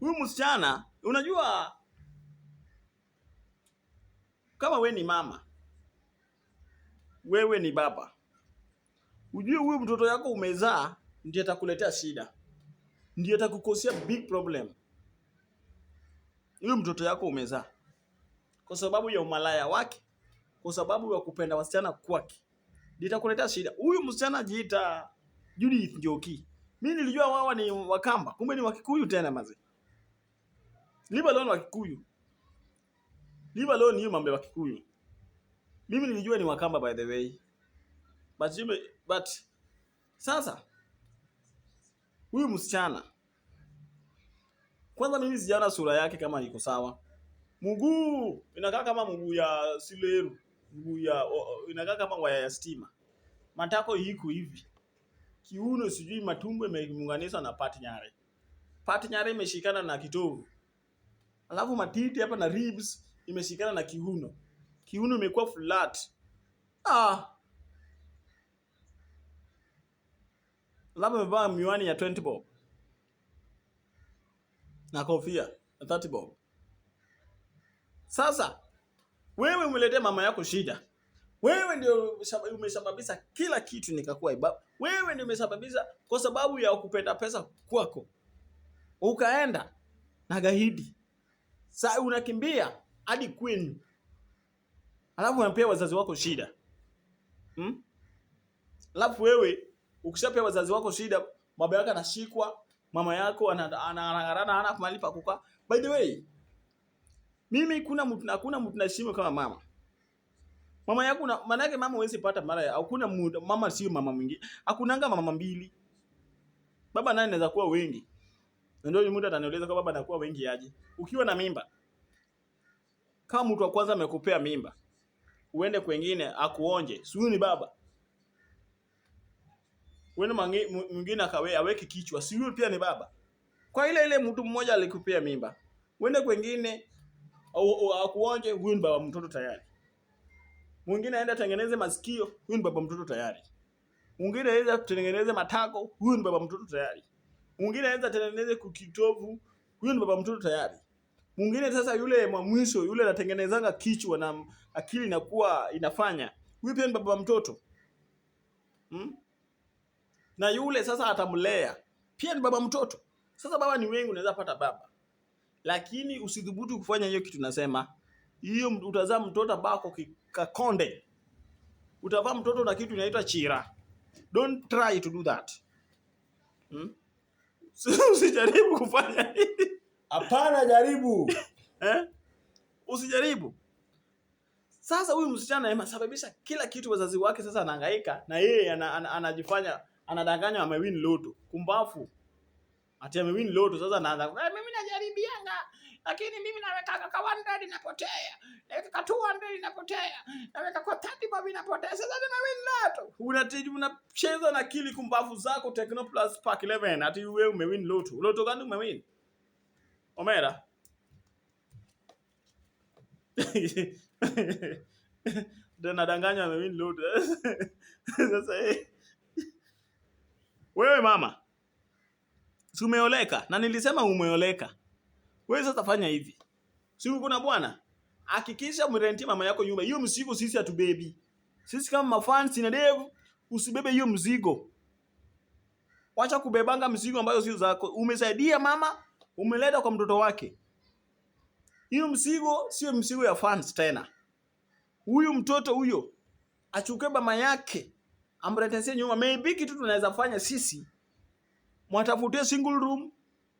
huyu msichana, unajua kama we ni mama, wewe ni baba, ujue huyu mtoto yako umezaa ndiye atakuletea shida, ndiye atakukosea big problem. Huyu mtoto yako umezaa kwa sababu ya umalaya wake, kwa sababu ya kupenda wasichana kwake, ndiye atakuletea shida. Huyu msichana jiita Judith Njoki. Mimi nilijua wawa ni Wakamba, kumbe ni Wakikuyu tena mazee. Liba leo ni Wakikuyu. Liba leo ni mambo wa Kikuyu. Mimi nilijua ni Wakamba by the way. But, but sasa huyu msichana kwanza, mimi sijaona sura yake kama iko sawa. Mguu inakaa kama mguu ya sileru, mguu ya inakaa kama waya ya stima, matako iko hivi, kiuno sijui, matumbo imeunganishwa na pati nyare, pati nyare imeshikana na kitovu Alafu matiti hapa na ribs imeshikana na kiuno. Kiuno imekuwa flat. Ah. Labda amevaa miwani ya 20 bob. Na kofia ya 30 bob. Sasa wewe umeletea mama yako shida. Wewe ndio umesababisha kila kitu nikakuwa ibaba. Wewe ndio umesababisha kwa sababu ya kupenda pesa kwako. Ukaenda na gaidi. Sasa unakimbia hadi kwenu, alafu unapewa wazazi wako shida hmm? Alafu wewe ukishapewa wazazi wako shida, baba yako anashikwa, mama yako anang'arana, hana mahali pa kukaa. By the way, mimi kuna mtu na kuna mtu naheshimu kama mama mama yako, maana yake mama huwezi pata mara ya hakuna mama, sio mama mwingine, hakunanga mama mbili, baba naye anaweza kuwa wengi ndio yule mtu ataniuliza kwa baba anakuwa wengi aje. Ukiwa na mimba kama mtu wa kwanza amekupea mimba, uende kwengine akuonje, si huyu ni baba. Uende mwingine akawe aweke kichwa, si huyu pia ni baba. Kwa ile ile mtu mmoja alikupea mimba, uende kwengine akuonje, huyu ni baba mtoto tayari. Mwingine aende atengeneze masikio, huyu ni baba mtoto tayari. Mwingine aende atengeneze matako, huyu ni baba mtoto tayari mwingine anaweza tengeneze kukitovu, huyo ni baba mtoto tayari. Mwingine sasa yule mwa mwisho yule anatengenezanga kichwa na akili inakuwa inafanya, huyo pia ni baba mtoto hmm? na yule sasa atamlea pia ni baba mtoto. Sasa baba ni wengi, unaweza pata baba, lakini usidhubutu kufanya hiyo kitu. Nasema hiyo utazaa mtoto bako kikakonde, utavaa mtoto na kitu inaitwa chira. Don't try to do that hmm? Usijaribu kufanya hili. Hapana, jaribu. Eh? Usijaribu. Sasa huyu msichana amesababisha kila kitu, wazazi wake sasa anahangaika na yeye anajifanya ana, ana anadanganywa amewin loto. Kumbafu. Ati amewin loto sasa anaanza eh, mimi najaribia lakini mimi naweka kwa 100 inapotea, naweka kwa 200 inapotea, naweka kwa 30 bob inapotea. Sasa nimewin loto. Unatiji unacheza na akili kumbavu zako Techno Plus Pack 11 ati wewe umewin lotto. Lotto gani umewin? Omera. Ndio Nadanganya amewin lotto. Sasa eh. wewe mama, si umeoleka na nilisema umeoleka. Wewe sasa fanya hivi. Si uko na bwana? Hakikisha umerenti mama yako nyumba. Hiyo mzigo sisi hatubebi. Sisi kama mafans na Devu usibebe hiyo mzigo. Wacha kubebanga mzigo ambayo sio zako. Umesaidia mama, umeleta kwa mtoto wake. Hiyo mzigo sio mzigo ya fans tena. Huyu mtoto huyo achukue mama yake amretesie nyuma. Maybe kitu tunaweza fanya sisi mwatafutie single room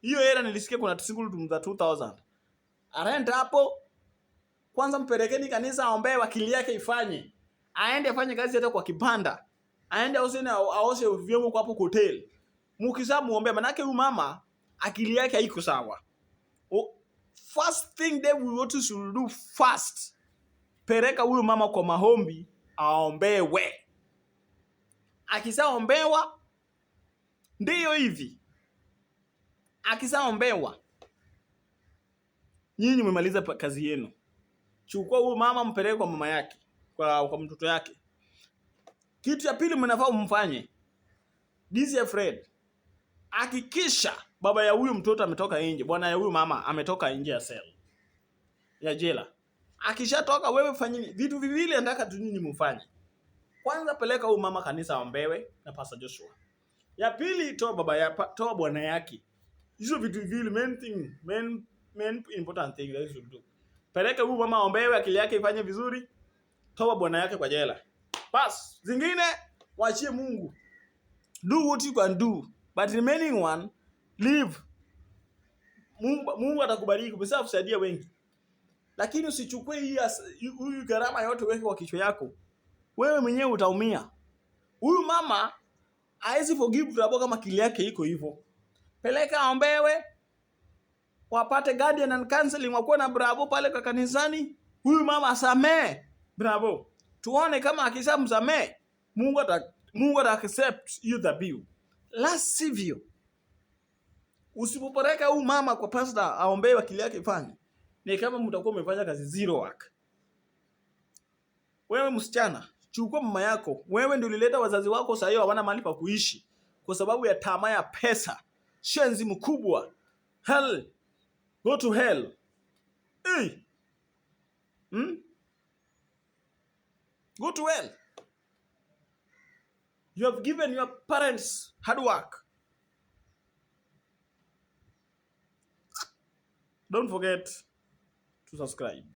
hiyo era nilisikia kuna single room za 2000. Arenda hapo kwanza, mpelekeni kanisa aombee, wakili yake ifanye, aende afanye kazi hata kwa kibanda, aende aose na aose vyombo kwa hapo hotel, mukisa muombe, manake huyu mama akili yake haiko sawa. O, first thing that we want to do fast, pereka huyu mama kwa mahombi aombewe, akisaombewa ndiyo hivi akisaombewa, nyinyi mmemaliza kazi yenu. Chukua huyo mama mpeleke kwa mama yake, kwa, kwa mtoto yake. Kitu ya pili mnafaa mfanye year Fred, hakikisha baba ya huyu mtoto ametoka nje, bwana ya huyu mama ametoka nje ya cell ya jela. Akishatoka wewe fanyini vitu viwili, nataka nini mfanye. Kwanza peleka huyu mama kanisa ombewe na Pastor Joshua. Ya pili toa baba ya toa bwana yake hizo vitu vile, main thing, main main important thing that you should do. Peleke huyu mama ombewe, akili yake ifanye vizuri, toa bwana yake kwa jela. Bas, zingine waachie Mungu. Do what you can do, but remaining one live. Mungu, Mungu atakubariki kwa kusaidia wengi. Lakini usichukue hii huyu gharama yote weke kwa kichwa yako. Wewe mwenyewe utaumia. Huyu mama haezi forgive Rabo kama akili yake iko hivyo peleka ombewe, wapate guardian and counseling, wakuwe na Bravo pale kwa kanisani. Huyu mama asamee Bravo, tuone kama akishamsamee Mungu ata Mungu ata accept hiyo dhabihu, la sivyo usipopeleka huyu mama kwa pastor aombewe akili yake ifanye, ni kama mtakuwa umefanya kazi zero work. Wewe msichana, chukua mama yako, wewe ndio ulileta wazazi wako, sasa hiyo hawana mahali pa kuishi kwa sababu ya tamaa ya pesa shenzi mkubwa. Hell, go to hell. Hey. Hmm? Go to hell. You have given your parents hard work. Don't forget to subscribe.